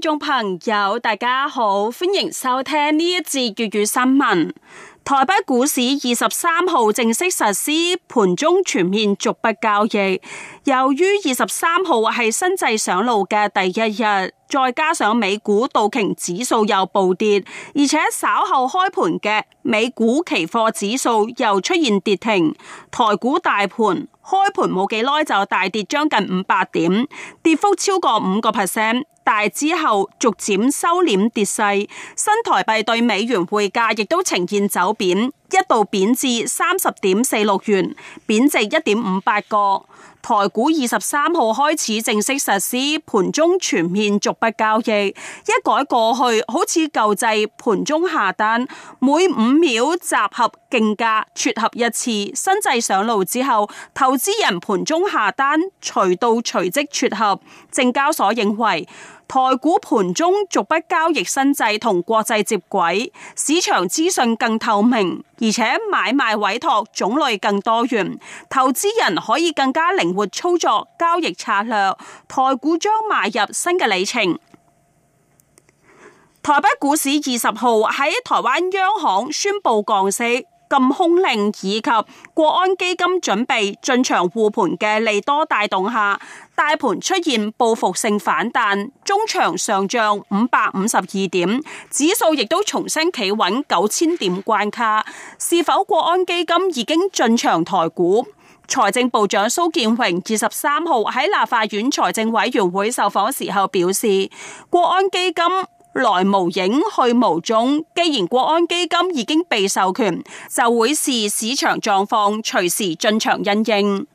聽眾朋友，大家好，歡迎收聽呢一節粵語新聞。台北股市二十三號正式實施盤中全面逐筆交易。由於二十三號係新制上路嘅第一日，再加上美股道瓊指數又暴跌，而且稍後開盤嘅美股期貨指數又出現跌停，台股大盤開盤冇幾耐就大跌，將近五百點，跌幅超過五個 percent。大之後逐漸收斂跌勢，新台幣對美元匯價亦都呈現走貶，一度貶至三十點四六元，貶值一點五八個。台股二十三號開始正式實施盤中全面逐筆交易，一改過去好似舊制盤中下單每五秒集合競價撮合一次，新制上路之後，投資人盤中下單隨到隨即撮合。證交所認為。台股盤中逐筆交易新制同國際接軌，市場資訊更透明，而且買賣委託種類更多元，投資人可以更加靈活操作交易策略。台股將邁入新嘅里程。台北股市二十號喺台灣央行宣布降息，禁空令以及國安基金準備進場護盤嘅利多帶動下，大盤出現報復性反彈，中場上漲五百五十二點，指數亦都重新企穩九千點關卡。是否國安基金已經進場台股？財政部長蘇建榮二十三號喺立法院財政委員會受訪時候表示，國安基金。來無影去無蹤，既然國安基金已經被授權，就會視市場狀況隨時進場因應。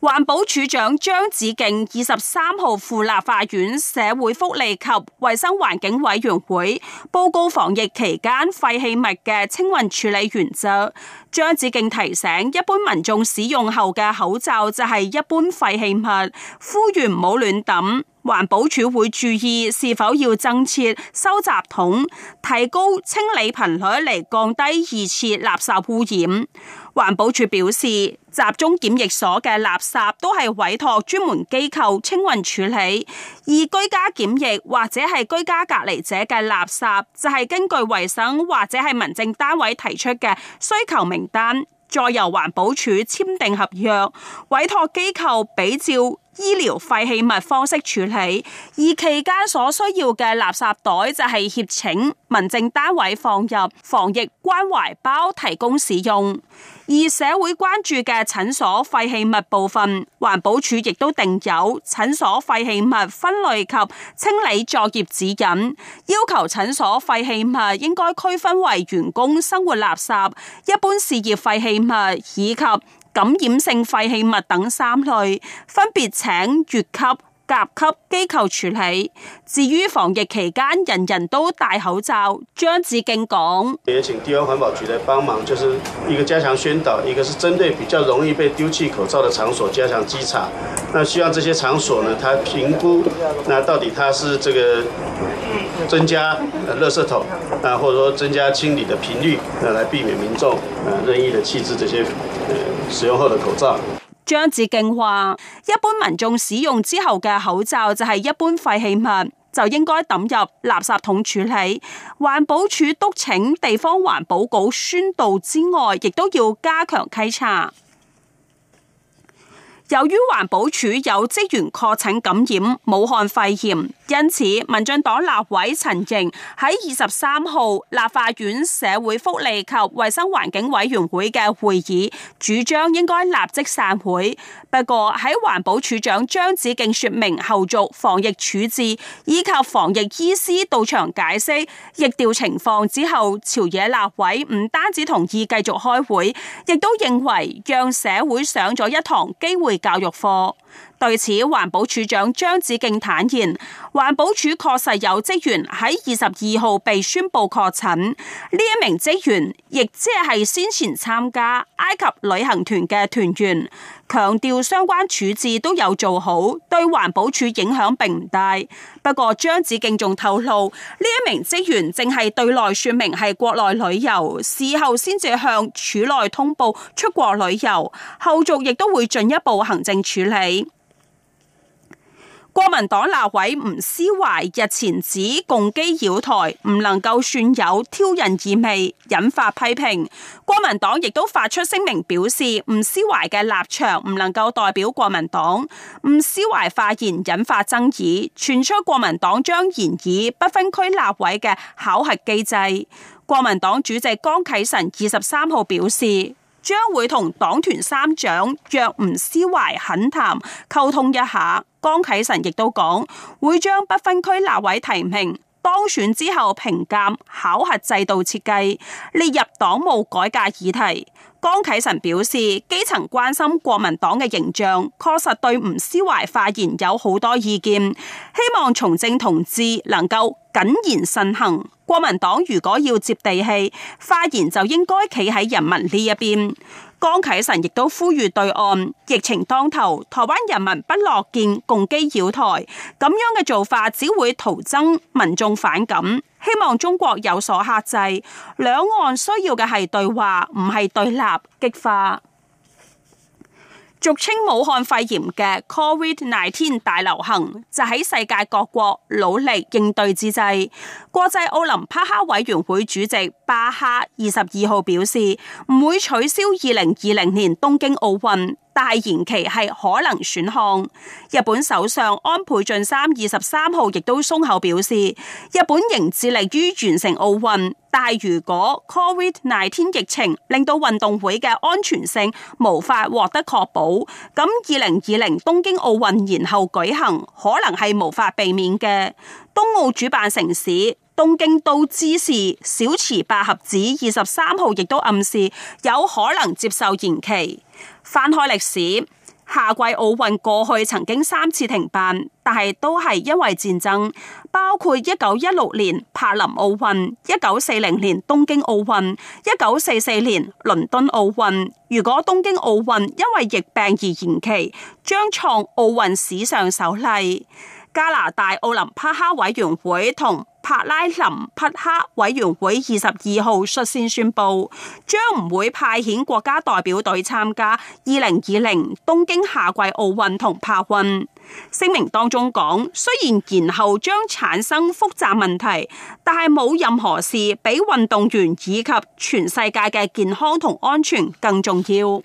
環保署長張子敬二十三號赴立法院社會福利及衛生環境委員會報告防疫期間廢棄物嘅清運處理原則。張子敬提醒，一般民眾使用後嘅口罩就係一般廢棄物，呼籲唔好亂抌。環保署會注意是否要增設收集桶，提高清理頻率嚟降低二次垃圾污染。環保署表示，集中檢疫所嘅垃圾都係委託專門機構清運處理，而居家檢疫或者係居家隔離者嘅垃圾就係根據衛生或者係民政單位提出嘅需求名單，再由環保署簽訂合約，委託機構比照。醫療廢棄物方式處理，而期間所需要嘅垃圾袋就係協請民政單位放入防疫關懷包提供使用。而社會關注嘅診所廢棄物部分，環保署亦都訂有診所廢棄物分類及清理作業指引，要求診所廢棄物應該區分為員工生活垃圾、一般事業廢棄物以及。感染性廢棄物等三類，分別請越級、甲級機構處理。至於防疫期間人人都戴口罩，張子敬講：，也請地方環保局來幫忙，就是一個加強宣導，一個是針對比較容易被丟棄口罩的場所加強稽查。那希望這些場所呢，它評估，那到底它是這個增加垃圾桶，那或者說增加清理的頻率，那來避免民眾啊任意的棄置這些使用後的口罩，張子敬話：，一般民眾使用之後嘅口罩就係一般廢棄物，就應該抌入垃圾桶處理。環保署督請地方環保局宣導之外，亦都要加強稽查。由於環保署有職員確診感染武漢肺炎。因此，民進黨立委陳瑩喺二十三號立法院社會福利及衛生環境委員會嘅會議，主張應該立即散會。不過喺環保署長張子敬說明後續防疫處置，以及防疫醫師到場解釋疫調情況之後，朝野立委唔單止同意繼續開會，亦都認為讓社會上咗一堂機會教育課。對此，環保署長張子敬坦言，環保署確實有職員喺二十二號被宣布確診，呢一名職員亦即係先前參加埃及旅行團嘅團員。強調相關處置都有做好，對環保署影響並唔大。不過張子敬仲透露，呢一名職員正係對內說明係國內旅遊，事後先至向處內通報出國旅遊，後續亦都會進一步行政處理。國民黨立委吳斯懷日前指共機繞台唔能夠算有挑釁意味，引發批評。國民黨亦都發出聲明表示，吳斯懷嘅立場唔能夠代表國民黨。吳斯懷發言引發爭議，傳出國民黨將沿以不分區立委嘅考核機制。國民黨主席江啟臣二十三號表示，將會同黨團三長約吳斯懷懇談，溝通一下。江啟臣亦都講會將不分區立委提名當選之後評鑑考核制度設計列入黨務改革議題。江啟臣表示，基層關心國民黨嘅形象，確實對吳斯懷發言有好多意見，希望從政同志能夠謹言慎行。國民黨如果要接地氣，發言就應該企喺人民呢一邊。江啟臣亦都呼籲對岸疫情當頭，台灣人民不樂見共機繞台，咁樣嘅做法只會徒增民眾反感。希望中國有所克制，兩岸需要嘅係對話，唔係對立激化。俗稱武漢肺炎嘅 COVID-19 大流行，就喺世界各國努力應對之際，國際奧林匹克委員會主席巴哈二十二號表示，唔會取消二零二零年東京奧運。但延期係可能選項。日本首相安倍晉三二十三號亦都鬆口表示，日本仍致力於完成奧運，但如果 Covid 廿天疫情令到運動會嘅安全性無法獲得確保，咁二零二零東京奧運然後舉行，可能係無法避免嘅。東奧主辦城市東京都知事小池百合子二十三號亦都暗示有可能接受延期。翻開歷史，夏季奧運過去曾經三次停辦，但係都係因為戰爭，包括一九一六年柏林奧運、一九四零年東京奧運、一九四四年倫敦奧運。如果東京奧運因為疫病而延期，將創奧運史上首例。加拿大奧林匹克委員會同。帕拉林匹克委員會二十二號率先宣布，將唔會派遣國家代表隊參加二零二零東京夏季奧運同帕運。聲明當中講，雖然然後將產生複雜問題，但係冇任何事比運動員以及全世界嘅健康同安全更重要。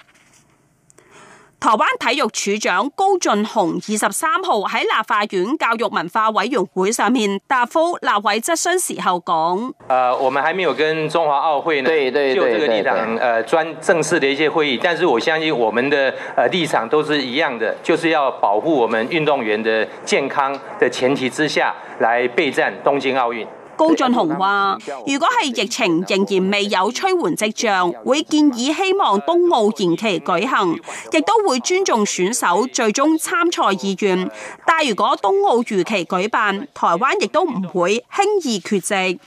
台灣體育署長高俊雄二十三號喺立法院教育文化委員會上面答覆立委質詢時候講，誒、呃，我們還沒有跟中華奧會呢對、對、就這個立場，誒、呃、專正式的一些會議，但是我相信我們的誒立場都是一樣的，就是要保護我們運動員的健康的前提之下來備戰東京奧運。高俊雄話，如果係疫情仍然未有趨緩跡象，會建議希望東奧延期舉行，亦都會尊重選手最終參賽意願。但如果東奧如期舉辦，台灣亦都唔會輕易缺席。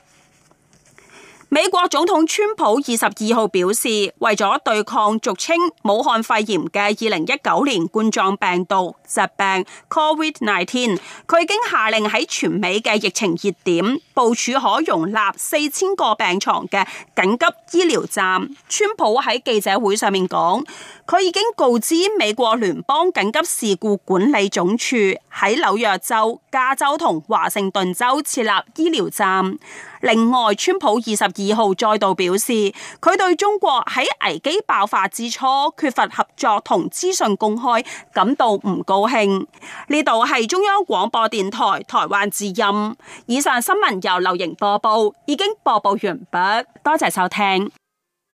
美國總統川普二十二號表示，為咗對抗俗稱武漢肺炎嘅二零一九年冠狀病毒疾病 （COVID-19），佢已經下令喺全美嘅疫情熱點部署可容納四千個病床嘅緊急醫療站。川普喺記者會上面講，佢已經告知美國聯邦緊急事故管理總署喺紐約州、加州同華盛頓州設立醫療站。另外，川普二十二號再度表示，佢對中國喺危機爆發之初缺乏合作同資訊公開感到唔高興。呢度係中央廣播電台台灣之音。以上新聞由劉瑩播報，已經播報完畢。多謝收聽。